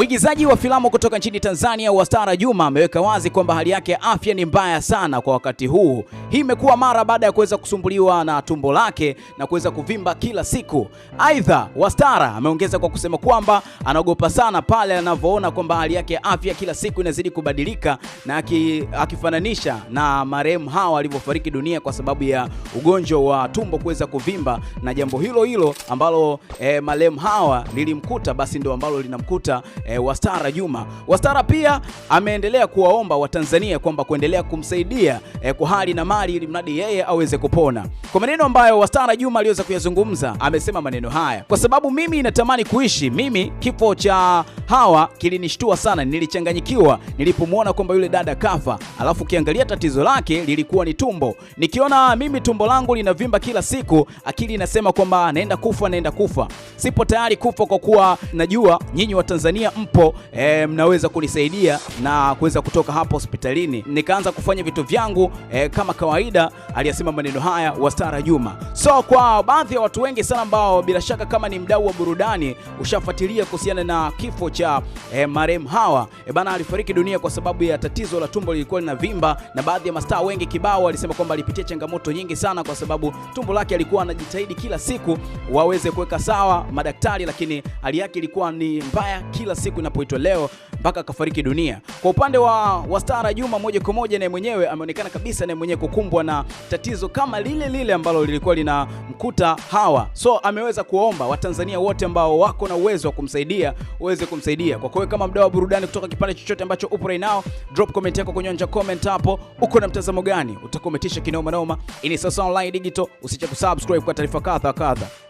Mwigizaji wa filamu kutoka nchini Tanzania Wastara Juma ameweka wazi kwamba hali yake ya afya ni mbaya sana kwa wakati huu. Hii imekuwa mara baada ya kuweza kusumbuliwa na tumbo lake na kuweza kuvimba kila siku. Aidha, Wastara ameongeza kwa kusema kwamba anaogopa sana pale anavyoona kwamba hali yake ya afya kila siku inazidi kubadilika na aki, akifananisha na marehemu hawa alivyofariki dunia kwa sababu ya ugonjwa wa tumbo kuweza kuvimba na jambo hilo hilo ambalo eh, marehemu hawa lilimkuta basi ndio ambalo linamkuta e, Wastara Juma. Wastara pia ameendelea kuwaomba Watanzania kwamba kuendelea kumsaidia e, kwa hali na mali ili mradi yeye aweze kupona. Kwa maneno ambayo Wastara Juma aliweza kuyazungumza, amesema maneno haya: kwa sababu mimi natamani kuishi, mimi kifo cha hawa kilinishtua sana, nilichanganyikiwa nilipomwona kwamba yule dada kafa, alafu ukiangalia tatizo lake lilikuwa ni tumbo. Nikiona mimi tumbo langu linavimba kila siku, akili inasema kwamba naenda kufa, naenda kufa. Sipo tayari kufa kwa kuwa najua nyinyi wa Tanzania mpo e, mnaweza kunisaidia na kuweza kutoka hapa hospitalini. Nikaanza kufanya vitu vyangu e, kama kawaida aliyasema maneno haya Wastara Juma. So kwa baadhi ya watu wengi sana ambao bila shaka kama ni mdau wa burudani ushafuatilia kuhusiana na kifo cha eh, marehemu Hawa eh, bana alifariki dunia kwa sababu ya tatizo la tumbo lilikuwa vimba na baadhi ya mastaa wengi kibao walisema kwamba alipitia changamoto nyingi sana kwa sababu tumbo lake alikuwa anajitahidi kila siku waweze kuweka sawa madaktari, lakini hali yake ilikuwa ni mbaya kila siku inapoitwa leo mpaka akafariki dunia. Kwa upande wa Wastara Juma moja kwa moja, naye mwenyewe ameonekana kabisa naye mwenyewe kukumbwa na tatizo kama lile lile ambalo lilikuwa linamkuta Hawa. So ameweza kuwaomba Watanzania wote ambao wako na uwezo wa kumsaidia uweze kumsaidia. Kwa kweli, kama mdau wa burudani kutoka kipande chochote ambacho upo right now, drop comment yako kwenye anja comment hapo, uko na mtazamo gani? Utakometisha kinoma noma. Ini sasa online digital, usiache kusubscribe kwa taarifa kadha kadha.